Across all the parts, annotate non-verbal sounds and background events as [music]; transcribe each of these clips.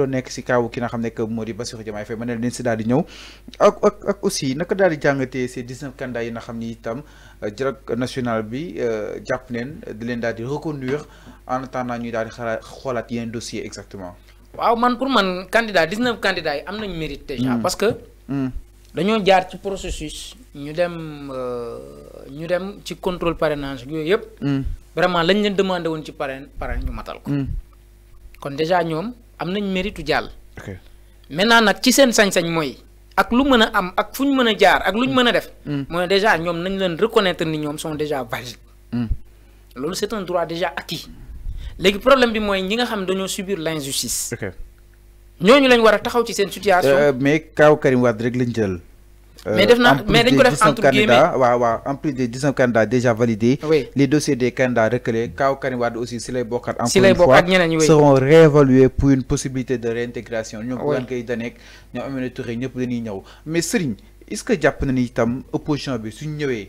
doon nek ci kaw ki nga xamne ke modi basir di Bassirou manel Faye ci dal di ñew ak ak ak aussi naka dal di jangate ces 19 candidats yi nga xamni itam euh, dialogue national bi euh, japp neen di leen dal di reconduire en attendant ñuy dal di xalaat yeen dossier exactement. waaw man pour man candidat 19 candidats yi am nañu mérite déjà hmm. parce que. Hmm. dañu jaar ci processus ñu dem euh, ñu dem ci contrôle parrainage yoy yep hmm. vraiment lañ leen demandé won ci parrain parrain ñu matal ko. kon déjà ñom am nañ méritu jàll. maintenant nag ci seen sañ-sañ mooy ak lu mën a am ak fu ñu mën a jaar ak lu ñu mm. mën a def. Mm. mooy déjà ñoom nañ leen reconnaître ni ñoom sont déjà valides. Mm. loolu c'est un droit déjà acquis léegi problème bi mooy ñi nga xam ne dañoo subir l'injustice. ñooñu lañ war a taxaw ci seen situation. Euh, mais kaw Karim Wade rek lañ jël. Euh, mais def na mais dañ ko def entre guillemets waaw waaw en plus des 19 candidats déjà validés. les dossiers des candidats reculés Kaaw Karim aussi si lay bokkaat. fois seront réévalués pour une possibilité de réintégration. ñoom bu leen koy daneeg ñoom Aminata Touré ñëpp dañuy ñëw mais Serigne est-ce que jàpp na ni itam opposition bi suñ ñëwee.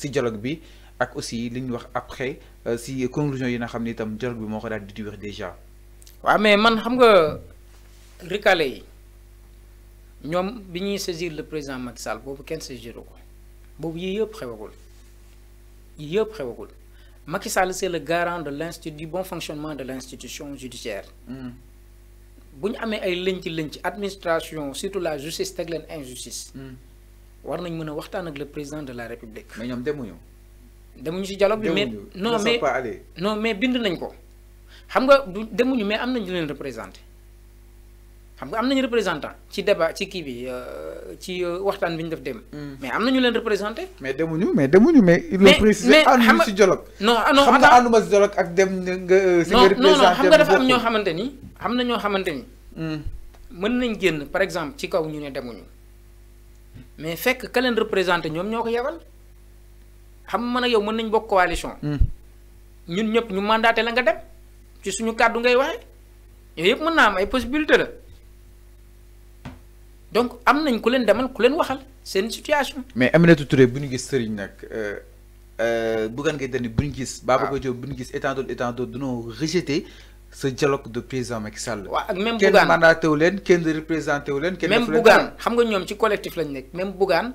si dialogue bi ak aussi liñ wax après si euh, conclusion yi nga xamni tam dialogue bi moko dal daal di déjà. wa mais man xam nga recalé yi ñoom bi saisir le président Macky Sall bobu kenn saisir ko bobu yii yëpp xewagul yii yëpp xewagul Macky Sall c'est le garant de l'institut du bon fonctionnement de l'institution judiciaire. Mm. bu ñu amee ay lënc-lënc administration surtout la justice tek leen injustice. Mm. war nañ mën a waxtaan ak le président de la république. mais ñoom demuñu. demuñu ci dialogue bi mais non mais non mais bind nañ ko. xam nga du demuñu mais am nañ lu leen représenté xam nga am nañu représentant ci débat ci kii bi euh, ci euh, waxtaan bi ñu def dem. Hmm. mais am nañu leen représenté. mais demuñu mais demuñu mais. il le précisé ànduñu ci dialogue. non ah, non xam nga ànduma ci dialogue ak dem nga. si nga représenté non xam nga dafa am ñoo xamante ni. am na ñoo xamante ni. Hmm. mën nañ génn par exemple ci kaw ñu ne demuñu. mais fekk ka leen représenté ñoom ñoo ko yebal xam nga man ak yow mën nañ bokk coalition. Hmm. ñun ñëpp ñu màndaate la nga dem ci suñu kàddu ngay waxee yooyu yëpp mën naa am ay possibilité la donc am nañ ku leen demal ku leen waxal seen situation. mais Aminata Touré bu ñu gis sëriñ nag. Euh, euh, Bougane Gueye Dany bu ñu gis. waaw ah. Babacar Diop bu ñu gis étant d'autres étant d'autres dañoo rejeté. ce dialogue de président Macky Sall. même Bougane kenn mandaté wu leen kenn représenté wu leen. kenn même Bougane xam nga ñom ci collectif lañ nek même Bougane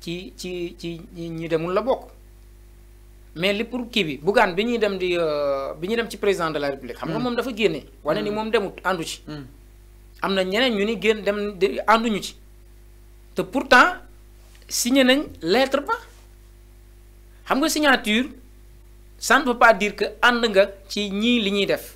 ci ci ci ñi demul la bok mais li pour kii bi Bougane biñu dem di euh, biñu dem ci président de la république. xam nga mom hmm. dafa génne. wané ni mom hmm. demut andu ci. Hmm. amna ñeneen ñu ni génn dem andu ñu ci. te pourtant signé nañ lettre ba xam nga signature ça ne veut pas dire que and nga ci ñi li ñi def.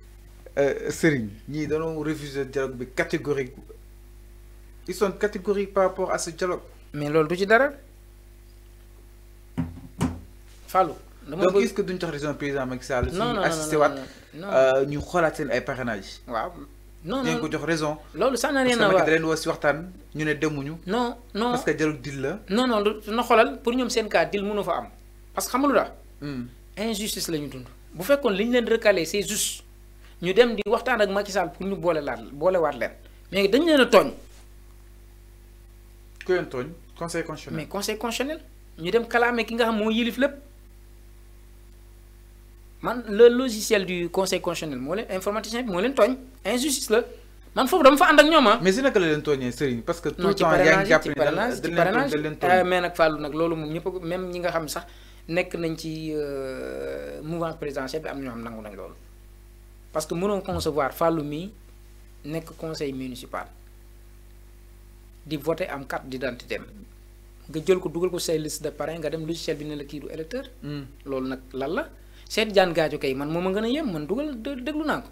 Euh, sëriñ ñii refusé refuser dialogue catégorique ils sont catégoriques par rapport à ce dialogue. mais loolu du ci dara. donc est-ce que duñ tax raison président non non non Nous euh, jox raison. na non a wax leen woo ñu ne non non parce que dialogue non non pour cas parce que hmm. injustice c'est juste ñu dem di waxtaan ak Macky Sall pour ñu boole laat waat leen mais dañ leen a tooñ. ku leen tooñ conseil constitutionnel. mais conseil constitutionnel ñu dem kalaame ki nga xam moo yilif lépp man le logiciel du conseil constitutionnel moo leen informaticien bi moo leen tooñ injustice la. man foofu dama fa ànd ak ñoom ah. mais si naka la leen tooñee Serigne parce que. tout le temps yaa ngi jàpp ne dañ leen dañ leen tooñ ah, mais nag Fallou nag loolu moom ñëpp même ñi nga xam sax nekk nañ ci euh, mouvance présidentielle bi am ñoo xam nangu nañ loolu. parce que mënoo concevoir Fallou mii nekk conseil municipal di voté am danti dem nga jël ko dugal ko say liste de parrain nga dem logiciel bi ne la kii du électeur. Hmm. loolu nag lan la Cheikh Diagne Gadio kay man moom a gën a yem man dugal déglu naa ko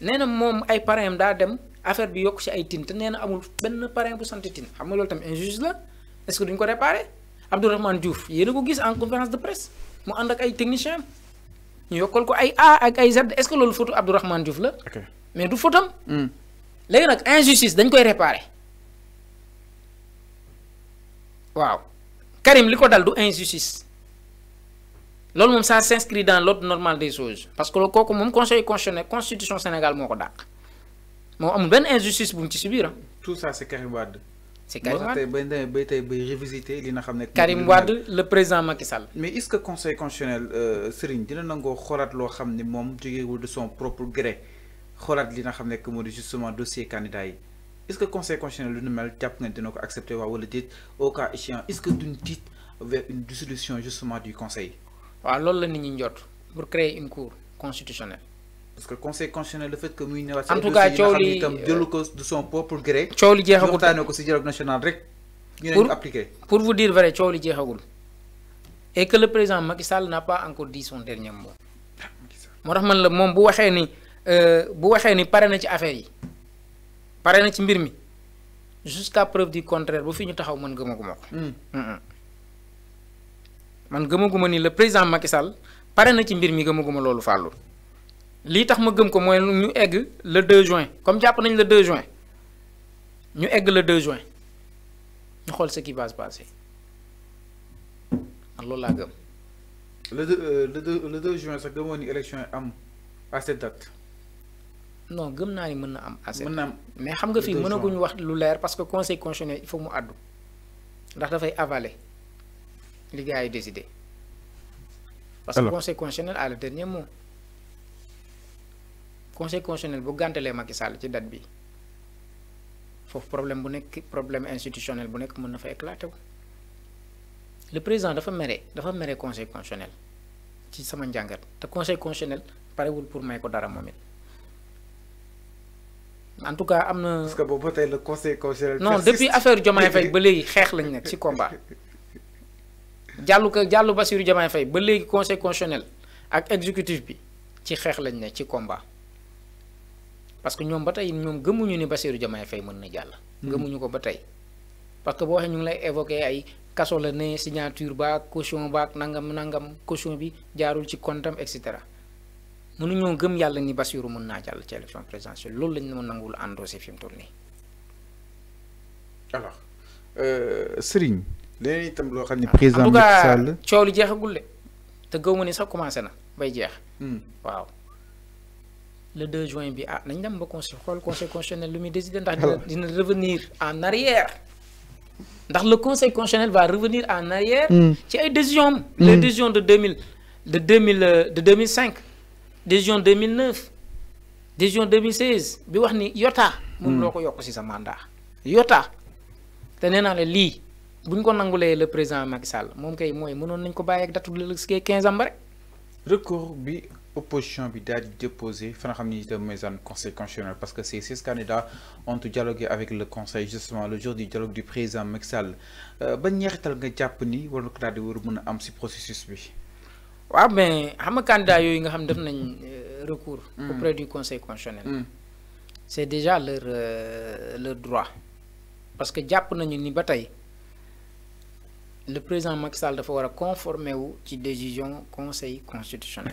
nee na moom ay parrain am daa dem affaire bi yokk ci ay tin te nee amul benn parrain bu sant tin xam nga loolu tamit injuste la est-ce que duñ ko réparé Abdourahmane Diouf yéen a ko gis en conférence de mu ànd ak ay techniciens ñu yokkal ko ay A ak ay Z est-ce que loolu photo Abdourahmane Diouf la. mais du photam. Hmm. léegi nag injustice dañ koy réparer waaw Karim li ko dal du injustice loolu moom ça s'inscrit dans l'ordre normal des choses parce que loolu kooku moom conseil constitutionnel constitution Sénégal moo ko dàq moo amul benn injustice bu mu ci subir tout ça c'est Karim Wade c'est Karim Wade Karim Wade le président Macky Sall. mais est-ce que conseil constitutionnel euh, Serigne dina nangoo xoolaat loo xam ne moom de son propre gré xoolaat li nga qu'il justement dossier candidat est-ce que conseil constitutionnel lu nu mel jàpp nga dina accepter accepté wala dit au cas échéant est-ce que d'une titre vers une dissolution justement du conseil. C'est ce la nit ñi pour créer une cour constitutionnelle parce que conseil constitutionnel le fait que muy ñëwaat. en tout cas coow li de son propre gré. coow li jeexagul waxtaanee ko si dialogue national rek. ñu ne pour vous dire vrai coow li jeexagul. et que le président Macky Sall n'a pas encore dit son dernier mot. moo tax man la mom bu waxé ni euh, bu waxé ni paré na ci affaire yi paré na ci mbir mi jusqu'à preuve du contraire bu fi ñu taxaw man gëmaguma ko. Hmm. man gëmaguma ni le président Macky Sall paré na ci mbir mi gëmaguma lolu fallu li tax ma gëm ko moy ñu le 2 juin comme japp nañ le 2 juin ñu egg le 2 juin ñu xol ce qui va se passer man la gëm. le 2 euh, le 2 le 2 juin c'est gëmoon ni élection am à cette date. non gëm na ni mëna am. à cette date mais xam nga fii mënaguñu wax lu leer parce que conseil constitutionnel il faut mu addu ndax fay avaler li gars yi décidé. parce que conseil constitutionnel a le dernier mot conseil constitutionnel bu gàntalee Macky Sall ci date bi foofu problème bu nek problème institutionnel bu nek mën na fa éclaté le président dafa mere dafa méré conseil constitutionnel ci sama njangat te conseil constitutionnel parewul pour may ko dara momit en tout cas amna parce que boobu tey le conseil constitutionnel. non depuis affaire Diomaye Faye ba légui xex lañ nek ci combat jàllu ko jàllu Bassirou Diomaye Faye ba légui conseil constitutionnel ak exécutif bi ci xex lañ nek ci combat. parce que ñom batay ñom gëmuñu ni basiru Diomaye fay mën na jàll. Hmm. gëmuñu ko batay parce que bo waxe ñu ngi lay évoquer ay kasso la né signature ba caution ba nangam nangam caution bi jaarul ci kontam et cetera ñu gëm yalla ni basiru mën naa jàll ci élection présidentielle loolu lañ ñu mën ando ci fim tourné alors euh alors Serigne. leneen tam lo xamni ah, président du Sall. coow li jeexagul de te gëw ni sax commencé na bay jeex. Hmm. waaw. le 2 juin bi ah nañ dem ba conseil xool conseil constitutionnel lu muy décider ndax dina [laughs] revenir en arrière ndax le conseil constitutionnel va revenir en arrière hmm. ci ay décisions hmm. les décisions de 2000 de 2000 euh, de 2005 décision 2009 décision 2016 bi wax ni yota moom hmm. loo ko yokk si sa mandat yota te nee le li buñ ko nangulé le président Macky Sall mom kay moy mënoon nañ ko baye ak datu le 15 ans rek recours bi opposition bi a déposé fa nga xamni conseil constitutionnel parce que ces six candidats ont dialogué avec le conseil justement le jour du dialogue du président Macky Sall euh, ba ñeexital nga japp ni war ko daal di am processus oui mais xam candidats candidat yooyu nga euh, recours. Hmm. auprès du conseil constitutionnel. Hmm. c'est déjà euh, leur droit parce que japp nañu ni ba le président maxal doit dafa war conformer wu ci décision conseil constitutionnel.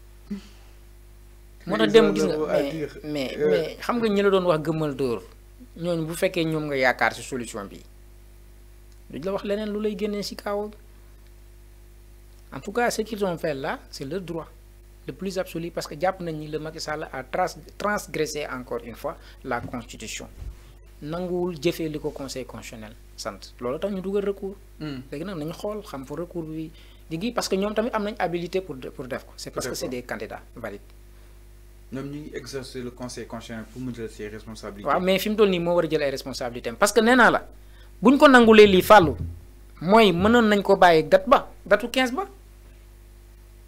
moo tax dem gis nga mais mais euh, mais xam nga ñi la doon wax que dóor ñooñu bu fekkee ñoom nga ci solution bi duñ la wax leneen lu lay génnee ci kaw en tout cas ce qu'ils ont fait là c'est le droit le plus absolu parce que jàpp nañ ni le Macky Sall a trans transgressé encore une fois la constitution nanguwul jëfee fait le conseil constitutionnel sant loolu tax ñu dugal recours. Hmm. léegi nous nañu xool xam recours parce que nous tamit am nañ habilité pour pour def c'est parce que c'est des candidats valides ñoom ñu ngi exercer le conseil constitutionnel pour mu jël ses responsabilités. waaw mais fi mu toll nii moo jël ay responsabilités parce que nee naa la bu ñu ko nangulee lii fàllu mooy mënoon nañ ko bàyyi date ba datu 15 ba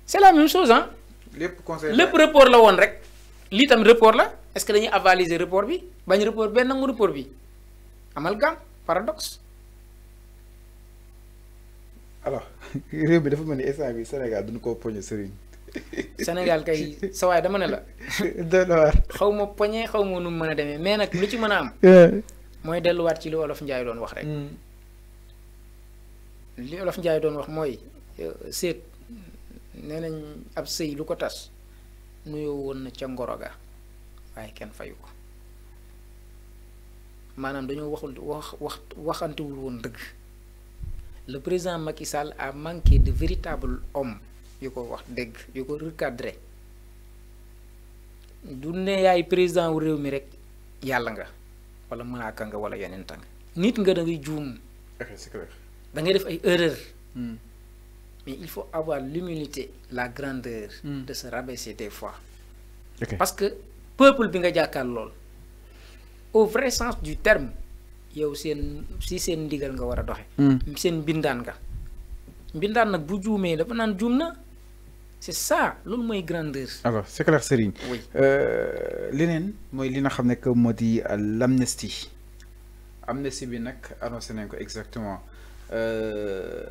C'est la même chose hein. Le conseil Le report la woon rek lii tam report la est ce que dañuy avaliser report bi bañ report ben nangu report bi amalgam, gàmm paradoxe. alors [laughs] réew mi dafa mel ni instant bi Sénégal duñ ko poñe sëriñ. Sénégal kay sa waay dama ne la. xaw ma poñe xaw ma nu mën a demee mais nag lu ci mën a am. mooy delluwaat ci li olof njaay doon wax rek. Mm. li olof Ndiaye doon wax mooy eh, séet nee nañ ab séy lu ko tas nuyoo woon na ca ngoro ga waaye kenn fayu ko maanaam dañoo waxul wax wax waxantewul woon dëgg le président Macky Sall a manqué de véritable om yu wax dëgg yu recadrer recadré du ne yaay président wu réew mi rek yalla nga wala malaaka nga wala yenen tang nit nga da ngay juum. c'est clair da ngay def ay erreur hmm. mais il faut avoir l'humilité la grandeur. Hmm. de se rabaisser des fois. parce que peuple bi nga jàkkaar lool au vrai sens du terme yow sen si sen ndigal nga wara a doxe hmm. seen mbindaan nga mbindaan nak bu juumee dafa naan juum na c'est ça loolu mooy grandeur. alors c'est clair Serigne. oui euh, lenen moy li nga xamné que modi di euh, l'amnistie amnistie bi nak annoncé nañ ko exactement euh,